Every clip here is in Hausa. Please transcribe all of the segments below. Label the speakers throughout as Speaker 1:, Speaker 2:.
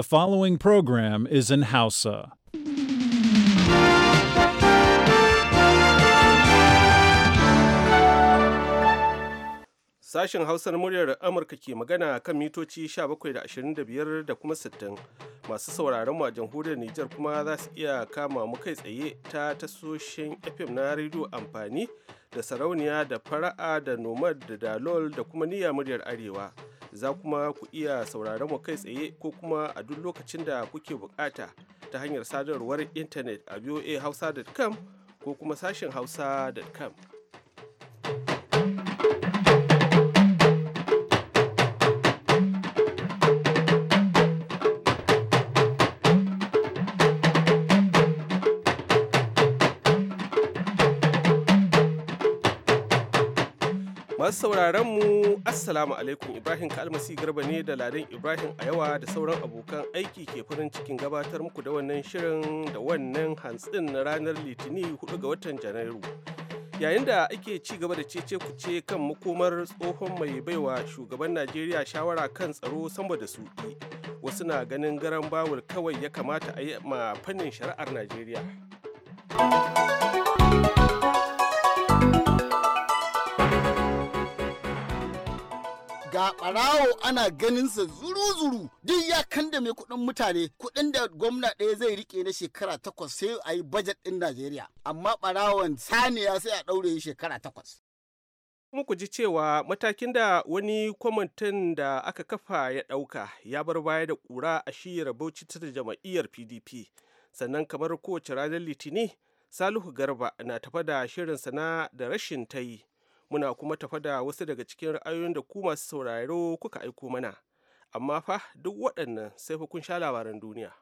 Speaker 1: The following program is in Hausa.
Speaker 2: Sashen Hausar muryar Amurka ke magana kan mitoci 17.25 da kuma 60. Masu sauraron mu a jamhuriyar Nijar kuma za su iya kama mu kai tsaye ta tasoshin FM na rediyo amfani da sarauniya da fara'a da nomad da dalol da kuma niyya muryar arewa. Za kuma ku iya sauraron mu kai tsaye ko kuma a duk lokacin da kuke bukata ta hanyar sadarwar intanet a voahausa.com ko kuma sashen hausa.com. Masu sauraron mu Assalamu alaikum Ibrahim Kalmasi Garba ne da Ladan Ibrahim a yawa da sauran abokan aiki ke farin cikin gabatar muku da wannan shirin da wannan hantsin na ranar Litini 4 ga watan Janairu. Yayin da ake ci gaba da cece ce kan makomar tsohon mai baiwa shugaban Najeriya shawara kan tsaro sama da su wasu na ganin garan bawul kawai ya kamata a yi ma fannin shari'ar Najeriya.
Speaker 3: ga ɓarawo ana ganinsa zuru-zuru duk ya da mai kuɗin mutane kuɗin da gwamna ɗaya zai rike na shekara takwas sai a yi bajet ɗin Najeriya amma ɓarawon saniya sai a ɗaure
Speaker 2: shekara takwas. kuma ku ji cewa matakin da wani kwamitin da aka kafa ya ɗauka ya bar baya da ƙura a shiyar bauchi ta jama'iyyar pdp sannan kamar kowace ranar litini salihu garba na tafa da shirinsa na da rashin ta yi muna kuma tafa da wasu daga cikin ra'ayoyin da ku masu sauraro kuka aiko mana amma fa duk waɗannan sai fa kun sha labaran duniya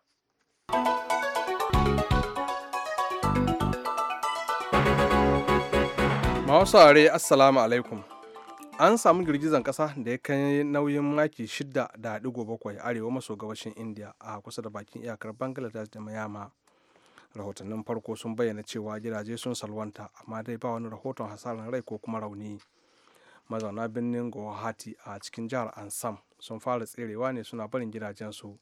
Speaker 4: mawasare assalamu alaikum an samu girgizan ƙasa da ya kai nauyin maki 6.7 arewa maso gabashin indiya, a kusa da bakin iyakar bangladesh da mayama rahotannin farko sun bayyana cewa gidaje sun salwanta amma dai ba wani rahoton hasarar rai ko kuma rauni mazauna birnin guwahati a cikin jihar ansam sun fara tserewa ne suna barin gidajensu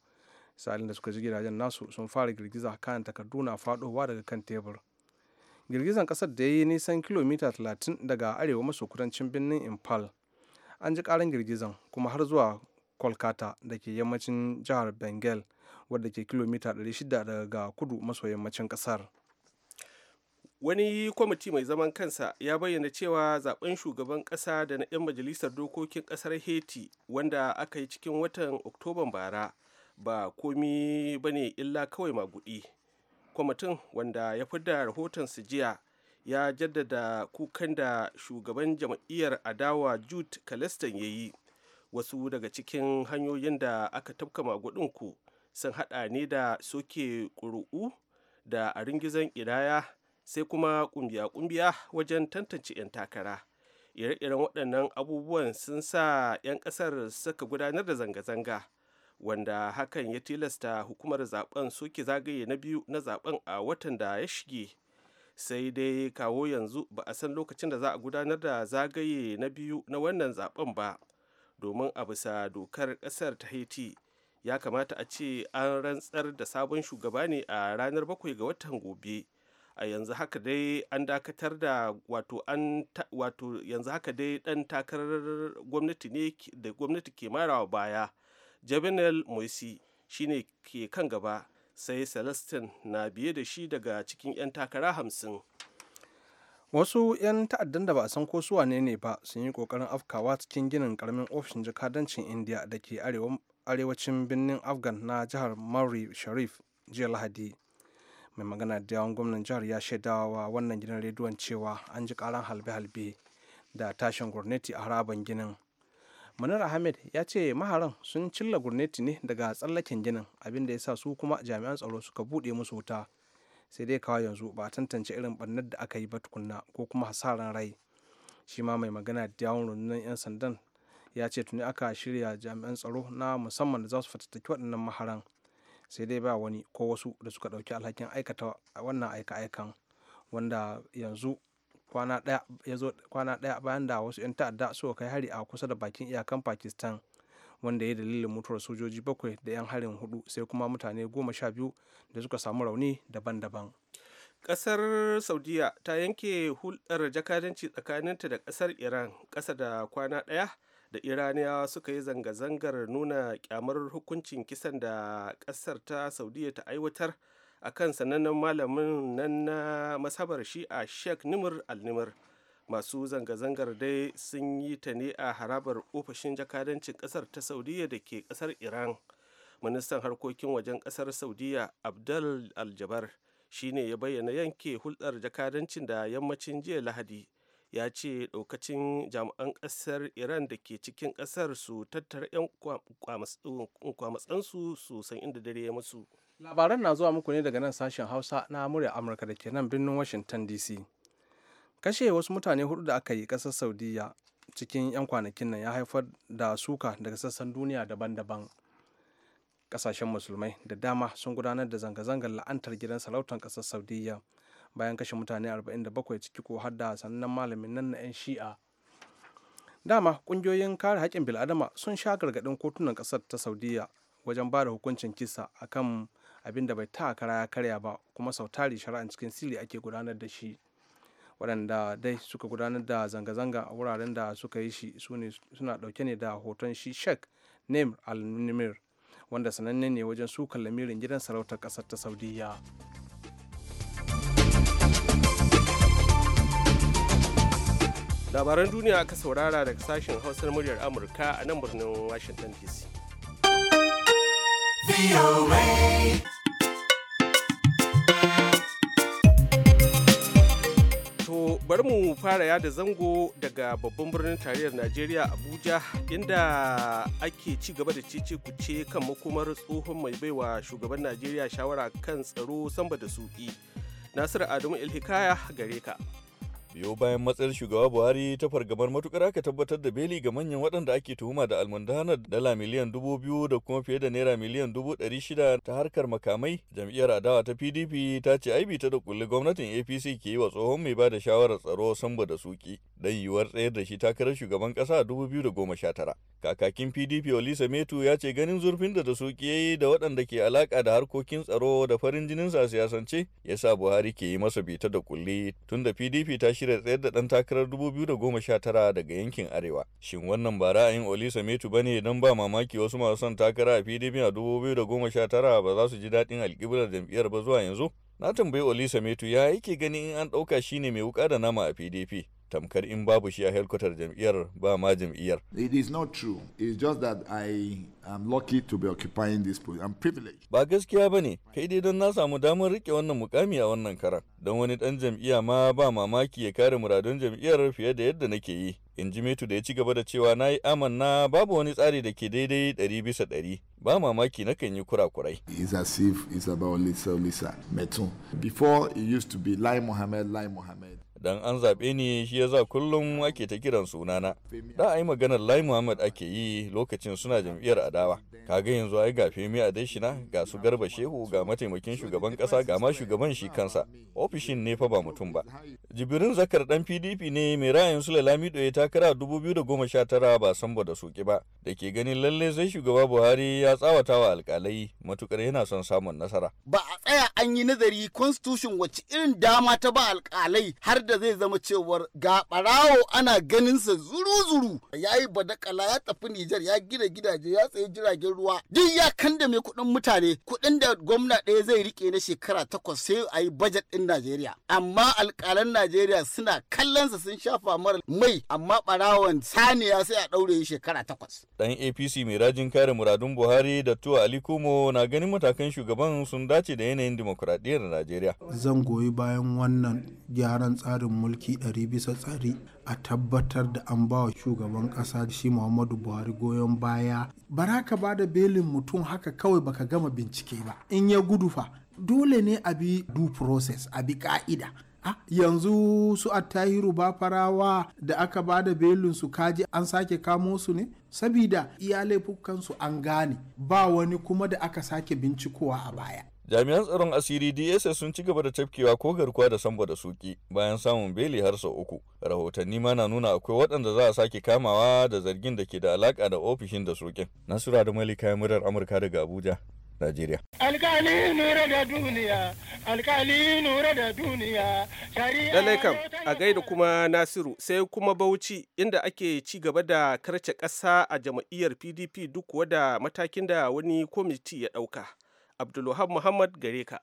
Speaker 4: salin da suka ji gidajen nasu sun fara girgiza kan takardu na fadowa daga kan tebur girgizan kasar da ya yi nisan kilomita 30 daga arewa maso kudancin birnin impal an ji karan girgizan kuma har zuwa kolkata da ke yammacin jihar bengal wadda ke kilomita 600 daga kudu maso yammacin kasar
Speaker 2: wani kwamiti mai zaman kansa ya bayyana cewa zaben shugaban kasa da na 'yan majalisar dokokin kasar haiti wanda aka yi cikin watan oktoban bara ba komi ba ne illa kawai magudi kwamitin wanda ya fidda rahoton jiya ya jaddada kukan da shugaban jam'iyyar adawa jude kalestan ya yi wasu daga cikin hanyoyin da aka tafka magudin ku sun haɗa ne da soke ƙuri'u da a ringizan ƙidaya sai kuma ƙungiya-ƙungiya wajen tantance 'yan takara ire-iren waɗannan abubuwan sun sa 'yan ƙasar suka gudanar da zanga-zanga wanda hakan ya tilasta hukumar zaben soke zagaye na biyu na zaben a watan da ya shige sai dai kawo yanzu ba a san lokacin da za a gudanar da zagaye na biyu na wannan zaben ba domin a bisa dokar ƙasar ta haiti ya kamata a ce an rantsar da sabon shugaba ne a ranar bakwai ga watan gobe a yanzu haka dai an dakatar da wato an wato yanzu haka dai dan takarar gwamnati ne da gwamnati ke marawa baya jabinel moisi shine ke kan gaba sai celestin na biye da shi daga cikin 'yan takara hamsin
Speaker 4: wasu 'yan ta'addan da ba a san ko su ne ba sun yi kokarin afkawa cikin ginin karamin ofishin jakadancin india da ke arewa arewacin birnin afghan na jihar mauri sharif jiya lahadi mai magana da yawan gwamnan jihar ya shaidawa wannan gidan rediyon cewa an ji karan halbe-halbe da tashin gurneti a haraban ginin manar ahmed ya ce maharan sun cilla gurneti ne daga tsallaken ginin abinda ya sa su kuma jami'an tsaro suka buɗe musu wuta sai dai kawai yanzu ba tantance irin barnar da aka yi ba tukunna ko kuma hasaran rai shi ma mai magana da yawon rundunar 'yan sandan ya ce tuni aka shirya jami'an tsaro na musamman da za su fatattaki waɗannan maharan sai dai ba wani ko wasu da suka ɗauki alhakin aikata wannan aika-aikan wanda yanzu kwana ɗaya bayan da wasu 'yan ta'adda suka kai hari a kusa da bakin iyakan pakistan wanda ya dalilin mutuwar sojoji bakwai da 'yan harin hudu sai kuma mutane goma sha biyu da suka samu rauni daban-daban ƙasar
Speaker 2: saudiya ta yanke hulɗar jakadanci tsakaninta da kasar iran ƙasa da kwana ɗaya da iraniyawa suka yi zanga-zangar nuna kyamar hukuncin kisan da kasar ta saudiya ta aiwatar a kan sanannen malamin nan na masabar a sheikh nimr al-nimr masu zanga-zangar dai sun yi ta ne a harabar ofishin jakadancin kasar ta saudiya da ke kasar iran ministan harkokin wajen kasar saudiya abdul aljabar shine ya bayyana yanke hulɗar jakadancin da yammacin jiya lahadi ya ce ɗaukacin jami'an ƙasar iran da ke cikin ƙasar su tattara 'yan um, kwamatsansu su san inda dare ya musu
Speaker 4: labaran na zuwa muku ne daga nan sashen hausa na murya amurka da ke nan birnin washington dc kashe wasu mutane hudu da aka yi ƙasar saudiya cikin 'yan kwanakin nan ya haifar da suka daga sassan duniya daban-daban ƙasashen musulmai da dama sun gudanar da zanga-zangar la'antar gidan sarautar ƙasar saudiya bayan kashe mutane 47 ciki ko har da sannan malamin nan na 'yan shi'a dama kungiyoyin kare haƙƙin bil'adama sun sha gargaɗin kotunan ƙasar ta saudiya wajen ba da hukuncin kisa akan abin da bai ta kara ya karya ba kuma sautari shari'an cikin sirri ake gudanar da shi waɗanda dai suka gudanar da zanga-zanga a wuraren da suka yi shi suna ɗauke ne da hoton shi shek nem al wanda sananne ne wajen sukan lamirin gidan sarautar ƙasar ta saudiyya labaran duniya aka saurara daga sashen
Speaker 2: hausar muryar amurka a nan birnin washington dc To bari mu fara yada zango daga babban birnin tarayyar Najeriya Abuja inda ake ci gaba da cece kuce kan makomar tsohon mai baiwa shugaban Najeriya shawara kan tsaro samba da suki. Nasiru Adamu Ilhikaya
Speaker 5: gare ka. biyo bayan matsayar shugaba buhari ta fargabar matukar aka tabbatar da beli ga manyan waɗanda ake tuhuma da almundanar dala miliyan dubu biyu da kuma fiye da naira miliyan dubu ɗari shida ta harkar makamai jam'iyyar adawa ta pdp ta ce aibi ta da kulle gwamnatin apc ke yi wa tsohon mai ba da shawarar tsaro samba da suki don yiwuwar tsayar da shi takarar shugaban ƙasa a dubu biyu da goma sha tara kakakin pdp olisa metu ya ce ganin zurfin da da suki ya da waɗanda ke alaka da harkokin tsaro da farin jinin sa siyasance ya sa buhari ke yi masa bita da kulle tunda pdp ta shirya da tsayar da ɗan takarar 2019 daga yankin Arewa. Shin wannan ba ra'ayin Olisa Metu bane don ba mamaki wasu masu son takara a PDP a 2019 ba za su ji daɗin alƙiblar jam'iyyar ba zuwa yanzu? Na tambayi Olisa Metu ya yake gani in an ɗauka shi ne mai wuƙa da nama a PDP. tamkar in babu shi a helkwatar jam'iyyar ba ma jam'iyyar. It is not true. It's just that I am lucky to be occupying this position. I'm privileged. Ba gaskiya ba ne, kai dai don na samu damar rike wannan mukami a wannan karan. Don wani ɗan jam'iyya ma ba mamaki ya kare muradun jam'iyyar fiye da yadda nake yi. in ji metu da ya ci gaba da cewa na yi amanna babu wani tsari da ke daidai ɗari bisa ɗari ba mamaki na kan yi kurakurai.
Speaker 6: is as if it's about lisa lisa metu before it used to be lai mohammed
Speaker 5: lai muhammad dan an zaɓe ni shi ya za kullum ake ta kiran sunana da a yi maganar lai muhammad ake yi lokacin suna jam'iyyar adawa kaga yanzu ai ga femi a daishina ga su garba shehu ga mataimakin shugaban kasa ga ma shugaban shi kansa ofishin ne fa ba mutum ba jibirin zakar dan pdp ne mai ra'ayin su lalamido ya takara biyu da goma sha tara ba ba da soki ba da ke ganin lalle zai shugaba buhari ya tsawata wa alkalai matukar yana son samun nasara
Speaker 3: ba a tsaya an yi nazari constitution wacce irin dama ta ba alkalai har da haka zai zama cewar ga barawo ana ganinsa zuru-zuru ya yi badakala ya tafi Nijar ya gina gidaje ya tsaye jiragen ruwa duk ya kanda mai kuɗin mutane kuɗin da gwamna ɗaya zai rike na shekara takwas sai a yi bajet ɗin Najeriya amma alƙalan Najeriya suna kallonsa sun shafa mara mai amma ɓarawon saniya sai a ɗaure shekara takwas.
Speaker 5: Ɗan APC mai rajin kare muradun Buhari da Tuwa Ali Kumo na ganin matakan shugaban sun dace da yanayin dimokuraɗiyyar Najeriya.
Speaker 1: Zan goyi bayan wannan gyaran tsarin tsarin mulki 200 bisa tsari a tabbatar da an ba shugaban ƙasa shi muhammadu buhari goyon baya ba ba da belin mutum haka kawai baka gama bincike ba in ya gudu fa dole ne a bi due process a bi ka'ida yanzu su attahiru ba farawa da aka ba da su kaji an sake kamo su ne sabida iya laifukansu an gane ba wani kuma da aka sake bincikowa a baya
Speaker 5: jami'an tsaron asiri dss sun ci gaba da tafkewa ko garkuwa da sambo da suki bayan samun beli har sau uku rahotanni ma na nuna akwai waɗanda za a sake kamawa da zargin da ke da alaƙa da ofishin da sukin nasura da malika murar amurka daga abuja Najeriya.
Speaker 7: Alkali nura da duniya, alkali nura da duniya, Lallai
Speaker 2: kam, a gaida kuma Nasiru sai kuma Bauchi inda ake ci gaba da karce ƙasa a jama'iyyar PDP duk wada matakin da wani kwamiti ya ɗauka. abdulwahab muhammad gare ka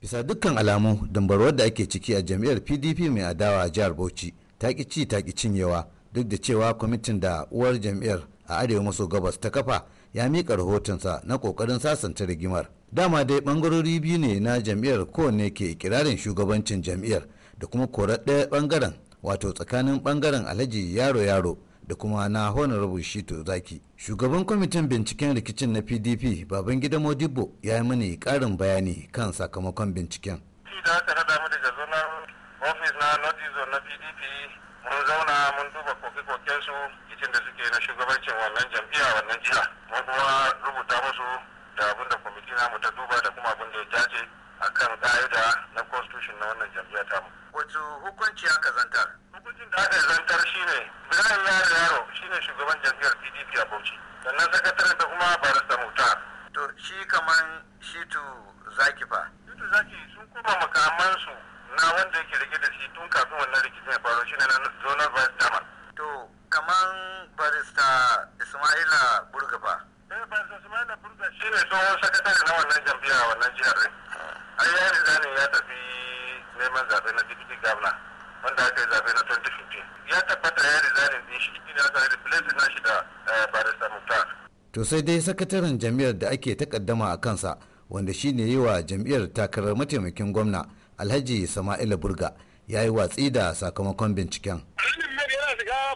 Speaker 3: bisa dukkan alamu dambarwar da ake ciki a jam'iyyar pdp mai adawa a jihar bauchi ta ki ci ta ki yawa, duk da cewa kwamitin da uwar jam'iyyar a arewa maso gabas ta kafa ya mika rahotonsa na ƙoƙarin sasanta rigimar dama dai ɓangarori biyu ne na jam'iyyar kowanne ke ikirarin shugabancin jam'iyyar da kuma korar ɗaya ɓangaren wato tsakanin ɓangaren alhaji yaro yaro da kuma na honorable shito zaki shugaban kwamitin binciken rikicin na pdp babangida modibo ya yi mini karin bayani kan sakamakon binciken da aka hada mu
Speaker 6: daga zonar ofis na north na pdp mun zauna mun duba koke-koken su da suke na shugabancin wannan jam'iyya wannan jiha mun kuma rubuta musu da abin da kwamiti namu ta duba da kuma abin da ya jace akan ka'ida na constitution na wannan jam'iyya tamu wato hukunci aka zantar hukuncin da aka zantar shine ya Yaro Yaro shine
Speaker 3: shugaban jam'iyyar PDP a Bauchi sannan sakataren da kuma barista mota. to shi kaman Shitu Zaki fa Shitu Zaki sun koma makamansu na wanda yake rike da shi tun kafin wannan rikicin ya faru shine na zonar vice chairman to kaman barista Ismaila Burga fa eh barista Ismaila Burga shine tsohon sakatare na
Speaker 6: wannan jam'iyyar a wannan jihar ai ya riga ne ya tafi neman zaɓe na deputy governor wanda aka yi zaɓe na 2015 ya tabbata ya resign din shi ne aka replace
Speaker 3: na
Speaker 7: shi da eh, barista
Speaker 3: To sai dai sakataren jam'iyyar da ake takaddama a kansa wanda shi ne yi wa jam'iyyar takarar mataimakin gwamna Alhaji Sama'ila Burga ya yi watsi da sakamakon binciken.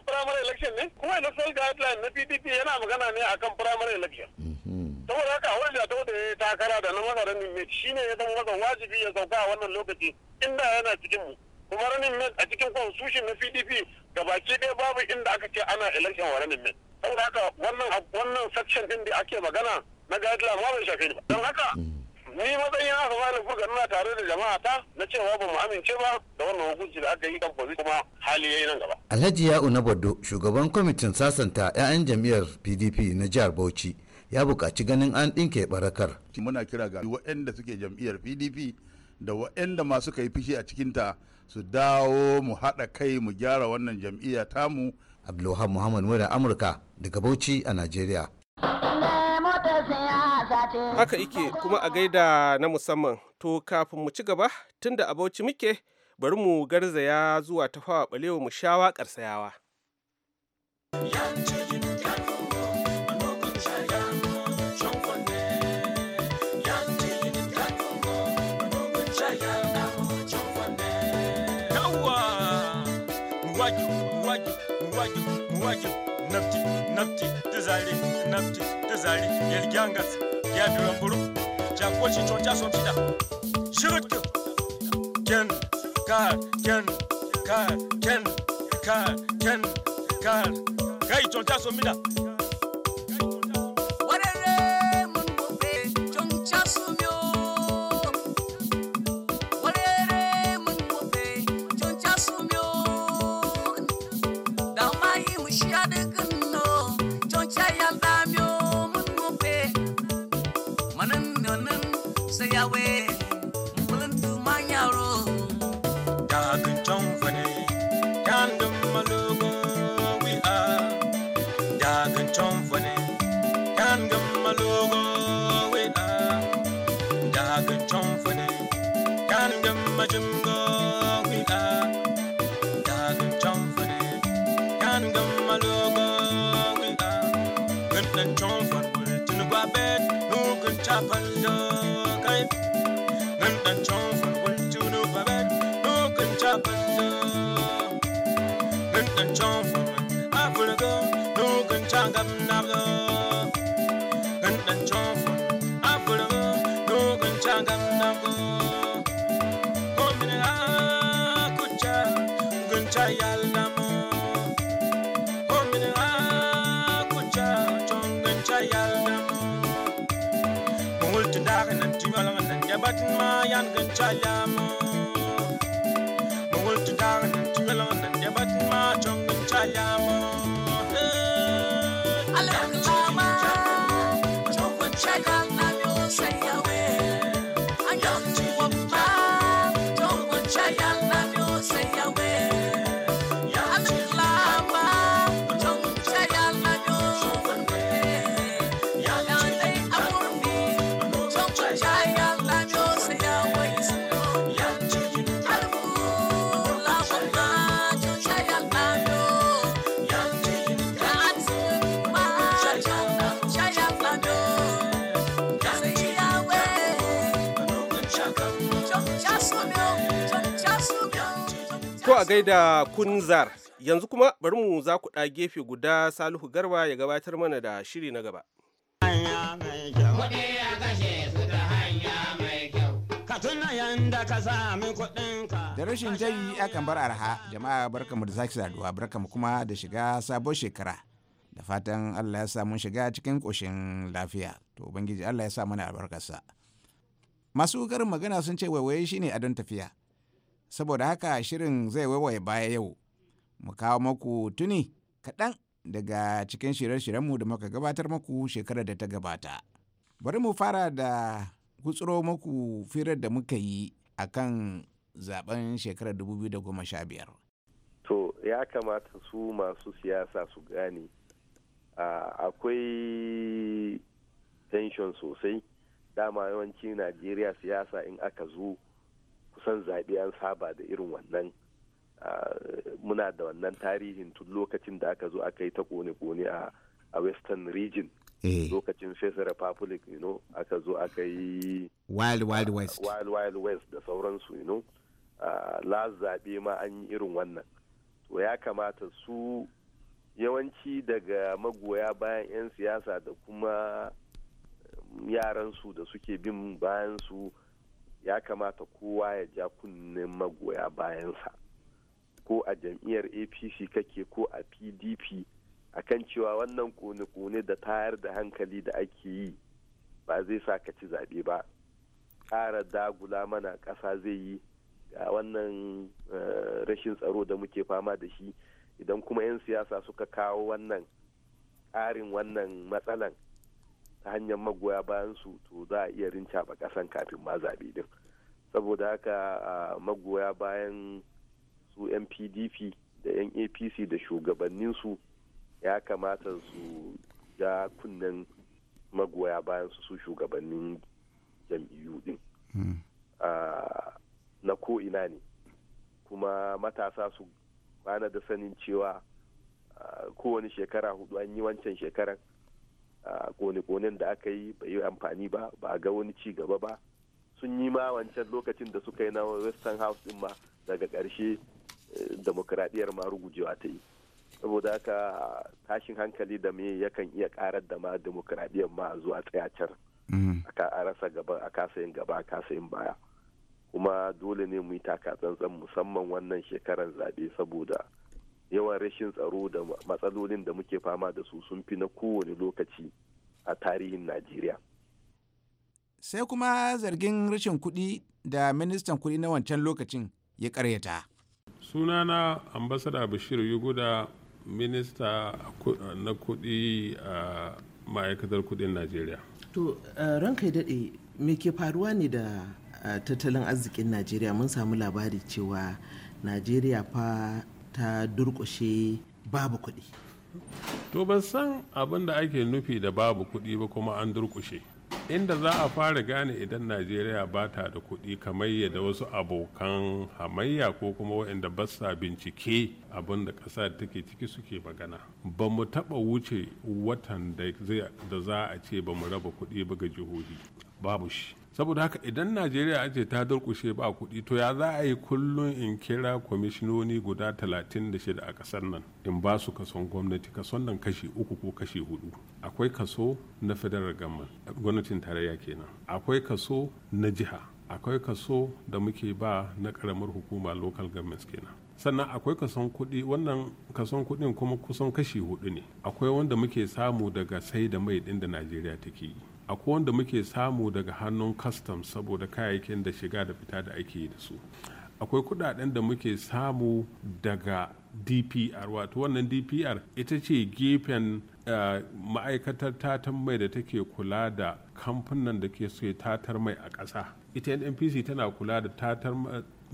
Speaker 1: primary election ne kuma na guideline na pdp yana magana ne akan firamare election mhm. saboda haka wani da da ya takara da na ranin mai shi ne ya zama wajen wajibi ya sauka a wannan lokaci inda yana cikin mu kuma ranin mai a cikin constitution na pdp ga baki ɗaya babu inda aka ce ana election wa ranin mai saboda haka wannan wannan section din da ake magana na guideline ma bai shafe ni ba don haka ni matsayin haka ba furgan nuna tare da jama'a ta na cewa ba mu amince ba da wannan hukunci da aka yi kan kwazi kuma hali ya yi nan
Speaker 3: gaba Alhaji Ya'u na Baddo shugaban kwamitin sasanta 'ya'yan jam'iyyar PDP na jihar Bauchi ya buƙaci ganin an ɗinke barakar.
Speaker 6: muna kira ga waɗanda suke jam'iyyar pdp da waɗanda masu kai fishi a cikinta su dawo mu haɗa kai mu gyara wannan jam'iyya tamu.
Speaker 3: abdulwahab muhammad mura amurka
Speaker 2: daga bauchi
Speaker 3: a najeriya.
Speaker 7: haka ike kuma
Speaker 2: a gaida na musamman to kafin mu ci gaba tunda a bauchi muke bari mu garzaya zuwa tafawa balewa mu sha waƙar sayawa.
Speaker 7: muwaki muwaki muwaki nafti nafti tizali nafti tizali yelgyangas yabirambulu jankoshi chonchaso mshida shirutku ken kar ken kar ken kar ken kar gai But ma yan gan chalam
Speaker 2: a gaida kunzar yanzu kuma bari mu za ku gefe guda salihu garba ya gabatar mana da shiri na gaba
Speaker 8: da rashin jayi akan bar arha jama'a barkamu da sake saduwa barkamu kuma da shiga sabon shekara da fatan allah ya sa mun shiga cikin ƙoshin lafiya to ubangiji allah ya sa mana albarkarsa masu karin magana sun ce waiwaye shine adon tafiya saboda haka shirin zai waiwaye baya yau mu kawo maku tuni kaɗan daga cikin shirye-shiryenmu da muka gabatar maku shekarar da ta gabata bari mu fara da gutsuro maku firar da muka yi a kan zaben shekarar 2015
Speaker 6: to ya kamata su masu siyasa su gane akwai tension sosai dama yawanci najeriya siyasa in aka zo son zaɓe an saba da irin wannan muna da wannan tarihin tun lokacin da aka zo aka yi ta kone-kone a western region eh. lokacin fesa republic you know aka zo aka yi wild wild west da sauransu you know last zaɓe ma an yi irin wannan to ya kamata su yawanci daga magoya bayan 'yan siyasa da kuma yaransu da suke bin bayan su ya kamata kowa ya ja kunnen magoya bayansa ko a jam'iyyar apc kake ko a pdp a kan cewa wannan kone-kone da tayar da hankali da ake yi ba zai sa ka ci zaɓe ba ƙara dagula mana ƙasa zai yi ga wannan eh, rashin tsaro da muke fama da shi idan kuma 'yan siyasa suka kawo wannan ƙarin wannan matsalan ta hanyar magoya bayan su to za a iya rinca ba ƙasan kafin ma zaɓe din. saboda haka magoya bayan su yan da yan apc da shugabanninsu ya kamata su ja kunnen magoya bayan su su shugabannin jam'iyyu din hmm. na ko'ina ne kuma matasa su bana da sanin cewa kowane shekara hudu an yi wancan shekaran kone-konen da aka yi bai yi amfani ba ba a ga wani ci gaba ba sun yi ma wancan lokacin da suka yi na western house din ma daga ƙarshe eh, demokradiyyar ma rugujewa ta yi saboda haka tashin hankali da me yakan iya karar da ma demokradiyyar ma zuwa tsaya can mm. a rasa gaba a kasa yin gaba a kasa yin baya kuma dole ne mu yi taka tsantsan musamman wannan shekarar zaɓe saboda yawan rashin tsaro da matsalolin da muke fama da su sun fi na kowane lokaci a tarihin najeriya
Speaker 8: sai kuma zargin rashin kuɗi da ministan kuɗi na wancan lokacin ya karyata.
Speaker 1: sunana ambasada bashir yuguda minista na kuɗi a ma'aikatar kuɗin najeriya
Speaker 9: to eh, ranka daɗe me ke faruwa ne da eh, tattalin arzikin najeriya mun samu labari cewa najeriya fa ta durƙushe babu kuɗi to ban
Speaker 1: san abin da ake nufi da babu kuɗi ba kuma an durƙushe inda za a fara gane idan najeriya ba ta da kuɗi kamar yadda wasu abokan hamayya ko kuma waɗanda ba sa bincike abin da ƙasa take ciki suke magana ba mu taɓa wuce watan da za a ce ba mu raba kuɗi ba ga jihohi babu shi saboda haka idan najeriya ce ta durkushe ba kuɗi to ya za a yi kullum in kira kwamishinoni guda 36 a ƙasar nan in ba su kason gwamnati kason nan kashi uku ko kashi hudu akwai kaso na federal government gwamnatin tarayya kenan akwai kaso na jiha akwai kaso da muke ba na karamar hukuma local governments kenan sannan akwai kason kuɗi wannan kason kuɗin kuma kusan kashi hudu ne akwai wanda muke samu daga sai da mai ɗin da najeriya take yi akwai wanda muke samu daga hannun kastam saboda kayayyakin da shiga da fita da ake yi da su akwai kudaden da muke samu daga dpr wato wannan dpr ita ce gefen uh, ma'aikatar tatar mai da take kula da kamfanin da ke so tatar mai a ƙasa ita npc tana kula da tatar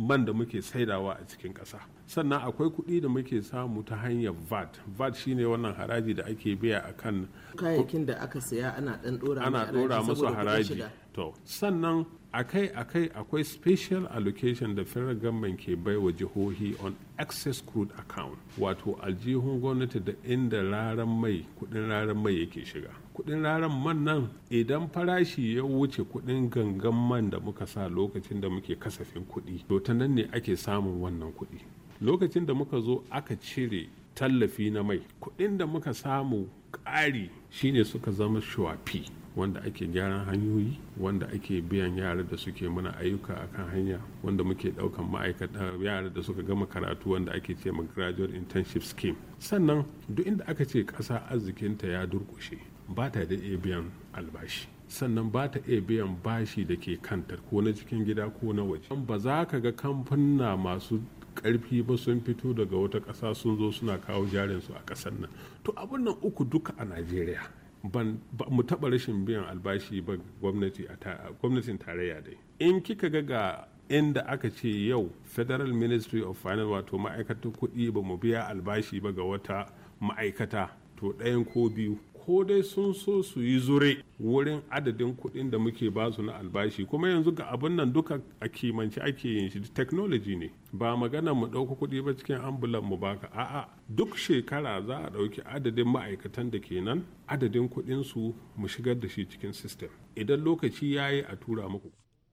Speaker 1: man da muke saidawa a cikin ƙasa sannan akwai kuɗi da muke samu ta hanyar vat vat shine wannan haraji da ake biya a kan
Speaker 2: kayayyakin da aka saya ana ɗan ɗora ana ɗora musu haraji
Speaker 1: to sannan akai akai akwai special allocation da federal government ke bai wa jihohi on excess crude account wato aljihun gwamnati da inda raran mai kuɗin raran mai yake shiga kudin raran man nan idan farashi ya wuce kudin gangan man da muka sa lokacin da muke kasafin kudi to ta nan ne ake samun wannan kudi lokacin da muka zo aka cire tallafi na mai kudin da muka samu ƙari shine suka zama shuwafi wanda ake gyaran hanyoyi wanda ake biyan yara da suke mana ayyuka kan hanya wanda muke daukan ma'aikata yara da suka gama karatu wanda ake ce ma graduate internship scheme sannan duk inda aka ce ƙasa arzikinta ya durƙushe ba ta da iya biyan albashi sannan ba ta iya biyan bashi da ke kanta ko na cikin gida ko na waje ba za ka ga kamfanna masu karfi ba sun fito daga wata ƙasa sun zo suna kawo jarinsu a ƙasar nan to abin nan uku duka a najeriya ban mu taɓa rashin biyan albashi ba gwamnati a gwamnatin tarayya dai in kika ga ga inda aka ce yau federal ministry of finance wato ma'aikatar kuɗi ba mu biya albashi ba ga wata ma'aikata to ɗayan ko biyu ko dai sun so su yi zure wurin adadin kuɗin da muke ba su na albashi kuma yanzu ga abin nan duka a kimanci ake yin shi technology ne ba magana mu ɗauka kuɗi ba cikin ambulan mu baka a'a duk shekara za a ɗauki adadin ma'aikatan da ke nan adadin kuɗin su mu shigar da shi cikin system idan lokaci ya yi a tura
Speaker 8: muku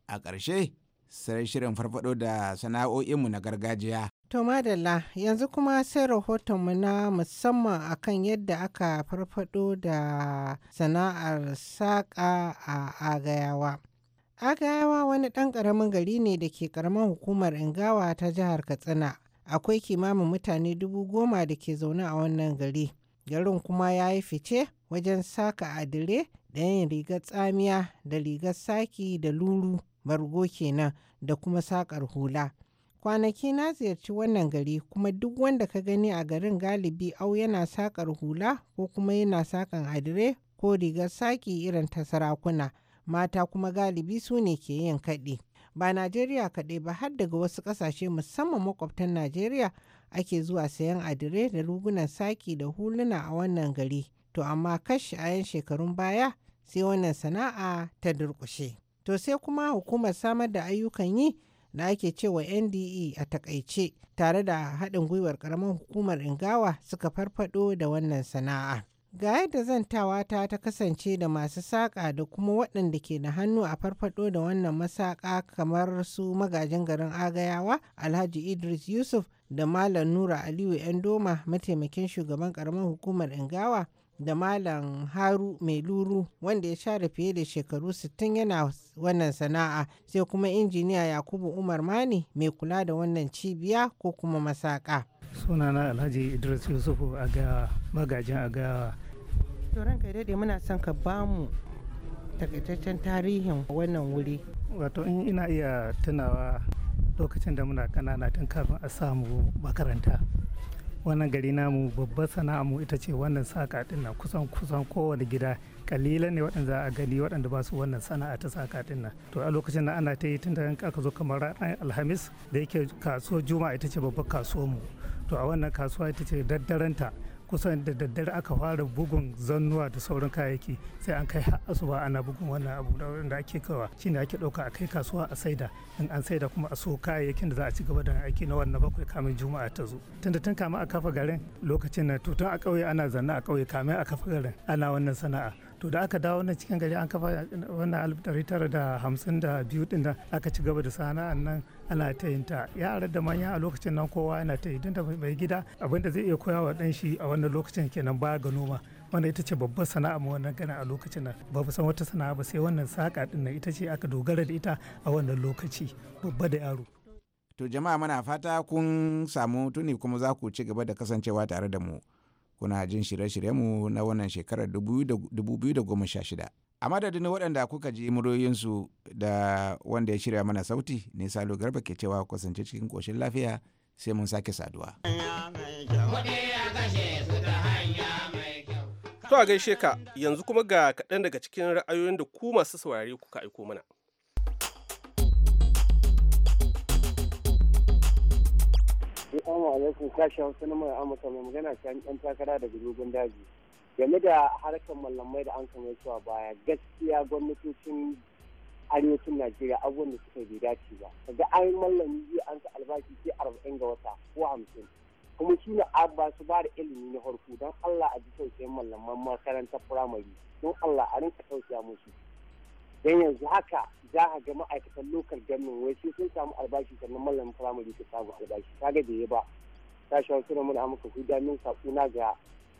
Speaker 8: a ƙarshe sai shirin farfado da sana'o'inmu na gargajiya
Speaker 9: To madalla yanzu kuma sai rahotonmu na musamman akan yadda aka farfado da sana'ar saƙa a agayawa. Agayawa wani ɗan ƙaramin gari ne da ke ƙaramin hukumar Ingawa ta jihar Katsina. Akwai kimanin mutane dubu goma da ke zaune a wannan gari. Garin kuma ya yi fice wajen saka adire da yin rigar tsamiya da rigar saki da luru bargo kenan da kuma saƙar hula. Kwanaki na ziyarci wannan gari kuma duk wanda ka gani a garin galibi au yana sakar hula ko kuma yana sakan adire ko rigar saki irin ta sarakuna. Mata kuma galibi su ne ke yin kaɗi. Ba Najeriya kaɗai ba har daga wasu ƙasashe musamman makwabtan Najeriya ake zuwa sayan adire da rugunan saki da huluna a wannan gari. To amma kashi a 'yan shekarun baya sai wannan sana'a ta durƙushe. To sai kuma hukumar samar da ayyukan yi da ake cewa NDE a takaice tare da haɗin gwiwar ƙaramin hukumar Ingawa suka farfado da wannan sana'a. Ga yadda zantawa ta ta kasance da masu saƙa da kuma waɗanda ke da hannu a farfado da wannan masaƙa kamar su magajin garin Agayawa Alhaji Idris Yusuf da Malam Nura Aliyu 'yan doma mataimakin shugaban ƙaramin hukumar Ingawa da Malam Haru Mai Luru wanda ya share fiye da shekaru 60 yana wannan sana'a sai kuma injiniya Yakubu Umar Mani mai kula da wannan cibiya ko kuma masaka. Sunana Alhaji Idris Yusufu a ga magajin a gawa Turan kai daidai muna son ka bamu takaitaccen tarihin wannan wuri.
Speaker 10: Wato in ina iya tunawa lokacin da muna kanana tun kafin a samu makaranta. wannan gari namu babbar sana'a mu ita ce wannan saka din nan kusan kusan kowane gida kalilan ne waɗanda za a gani waɗanda ba su wannan sana'a ta saka din nan to a lokacin na ana ta yi tun da aka zo kamar ranar alhamis da yake kasuwar juma'a ita ce babbar kasuwar mu to a wannan kasuwa ita ce daddaren ta kusan da daddare aka fara bugun zannuwa da sauran kayayyaki sai an kai har asuba ana bugun wannan abu da ake kawa shi ne ake ɗauka a kai kasuwa a saida in an saida kuma a so kayayyakin da za a ci gaba da aiki na wannan bakwai kamin juma'a ta zo tunda tun kama a kafa garin lokacin na tutun a ƙauye ana zanna a ƙauye kamin a kafa garin ana wannan sana'a to da aka dawo na cikin gari an kafa wannan alif ɗari tara da hamsin da biyu ɗin da aka ci gaba da sana'an nan ana ta yin ta yara da manya a lokacin nan kowa yana ta yi don da mai gida abin da zai iya koya wa dan shi a wannan lokacin kenan ba ga noma wannan ita ce babbar sana'a mu wannan gana a lokacin nan ba san wata sana'a ba sai wannan saka din nan ita ce aka dogara da ita a wannan lokaci babba da yaro
Speaker 8: to jama'a muna fata kun samu tuni kuma za ku ci gaba da kasancewa tare da mu kuna jin shirye-shiryenmu na wannan shekarar 2016 a madadin waɗanda kuka ji muryoyinsu da wanda ya shirya mana sauti ne salo garba ke cewa kusance cikin koshin lafiya sai mun sake saduwa
Speaker 9: to
Speaker 2: a gaishe ka yanzu kuma ga kaɗan daga cikin ra'ayoyin da ku masu saurare kuka aiko mana
Speaker 1: Assalamu alaikum kashi hausa na mai amurka mai magana kan ɗan takara daga dogon daji. game da harkar mallamai da an su a baya gaskiya gwamnatocin arewacin najeriya abubuwan da suka bai dace ba kaga an mallami zai an ka albashi sai arba'in ga wata ko hamsin kuma shi ne ba su ba da ilimi na farko don allah a ji tausayin malaman makarantar firamare don allah a rinka tausaya musu don yanzu haka za a ga ma'aikatan lokal gamin wai sai sun samu albashi sannan mallamin firamare ka samu albashi kaga da ya ba sashen suna mun amurka ku damin na ga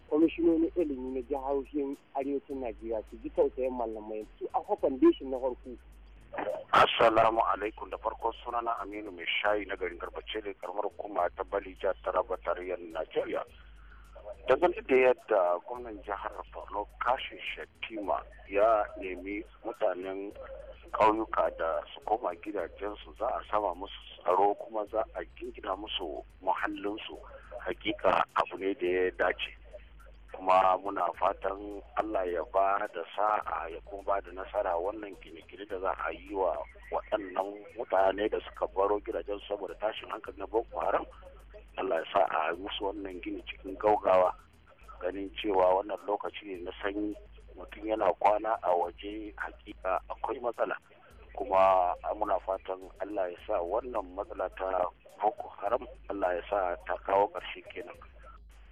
Speaker 1: kwamishinonin ilimi na jihohin arewacin najeriya su ji tausayin malamai su a foundation na farko
Speaker 6: assalamu alaikum da farko sunana aminu mai shayi na garin garbace da karamar kuma ta bali jihar taraba tarayyar najeriya dangane da yadda gwamnan jihar borno kashi shatima ya nemi mutanen ƙauyuka da su koma gidajensu za a sama musu tsaro kuma za a gingina musu muhallinsu hakika abu ne da ya dace kuma muna fatan Allah ya ba da sa'a ya kuma ba da nasara wannan gine-gine da za a yi wa waɗannan mutane da suka baro gidajen saboda tashin hankali na Boko Haram Allah ya sa a musu wannan gini cikin gaugawa ganin cewa wannan lokaci ne na sanyi mutum yana kwana a waje hakika akwai matsala kuma muna fatan Allah ya sa wannan matsala ta Boko Haram Allah ya sa ta kawo ƙarshe kenan.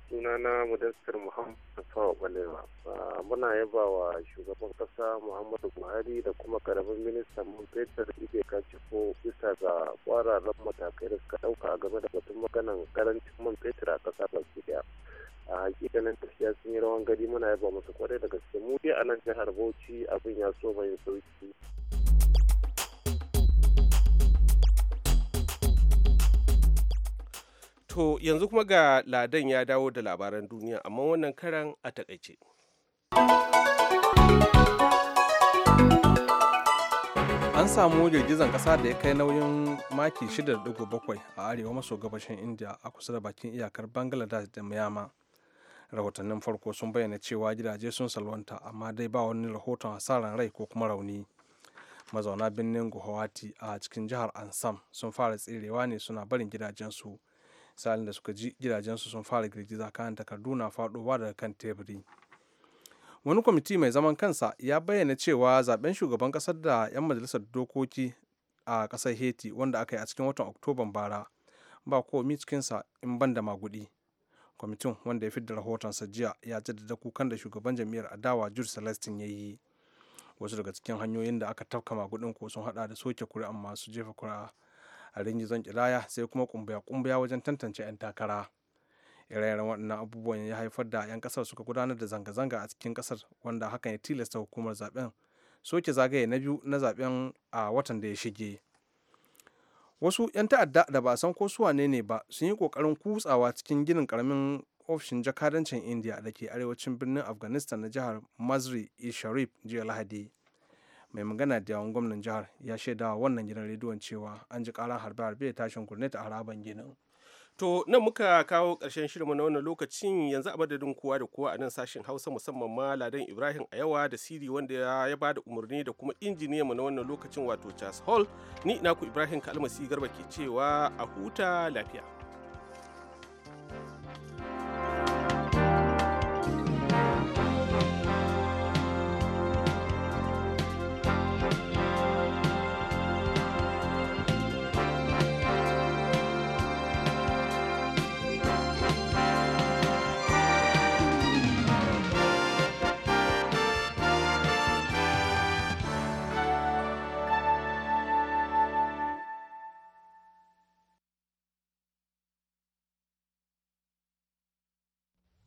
Speaker 6: sunana mudassir muhammad sawa balewa ah, muna yaba wa shugaban kasa muhammadu buhari da kuma karamin ministan man fetur ibe ko bisa ga kwararren matakai da suka dauka a game da batun maganan karancin man fetur a kasa baki daya a hakikanin tafiya sun yi rawan gari muna yaba masu kwarai da gaske mu dai a nan jihar bauchi abin ya so mai sauki
Speaker 2: To yanzu kuma ga ladan ya dawo da labaran duniya amma wannan karan a takaice.
Speaker 4: An samu girgizan kasa da ya kai nauyin maki 6.7 a arewa maso gabashin India a kusa da bakin iyakar Bangladesh da mayama Rahotannin farko sun bayyana cewa gidaje sun salwanta amma dai ba wani rahoton hasaran rai ko kuma rauni. Mazauna birnin guhawati a cikin jihar Ansam sun fara tserewa ne suna barin gidajensu. misalin da suka ji gidajensu sun fara girgiza kayan takardu na faɗowa daga kan teburi wani kwamiti mai zaman kansa ya bayyana cewa zaben shugaban kasar da 'yan majalisar dokoki a kasar haiti wanda aka yi a cikin watan oktoban bara ba komi cikinsa in ban da magudi kwamitin wanda ya fi da rahotonsa jiya ya jaddada kukan da shugaban jam'iyyar adawa jude celestin ya yi wasu daga cikin hanyoyin da aka tafka magudin ko sun hada da soke kuri'an masu jefa kuri'a a ringizon kiraya sai kuma kumbaya kumbaya wajen tantance 'yan takara ire-iren waɗannan abubuwan ya haifar da 'yan kasar suka gudanar da zanga-zanga a cikin kasar wanda hakan ya tilasta hukumar zaben soke zagaye na biyu na zaben a watan da ya shige wasu 'yan ta'adda da ba san ko su wane ne ba sun yi kokarin kutsawa cikin ginin karamin ofishin jakadancin indiya da ke arewacin birnin afghanistan na jihar mazri e sharif jiya lahadi mai magana da yawon gwamnan jihar ya shaidawa wannan gidan rediyon cewa an ji karan harbe-harbe tashin kurnet a harabar ginin To
Speaker 2: nan muka kawo ƙarshen shirin na wannan lokacin yanzu a madadin kowa da kowa a nan sashen Hausa musamman ma Ladan Ibrahim Ayawa da Siri wanda ya ba da umarni da kuma injiniyanmu na wannan lokacin wato Charles Hall ni naku Ibrahim Kalmasi Garba ke cewa a huta lafiya.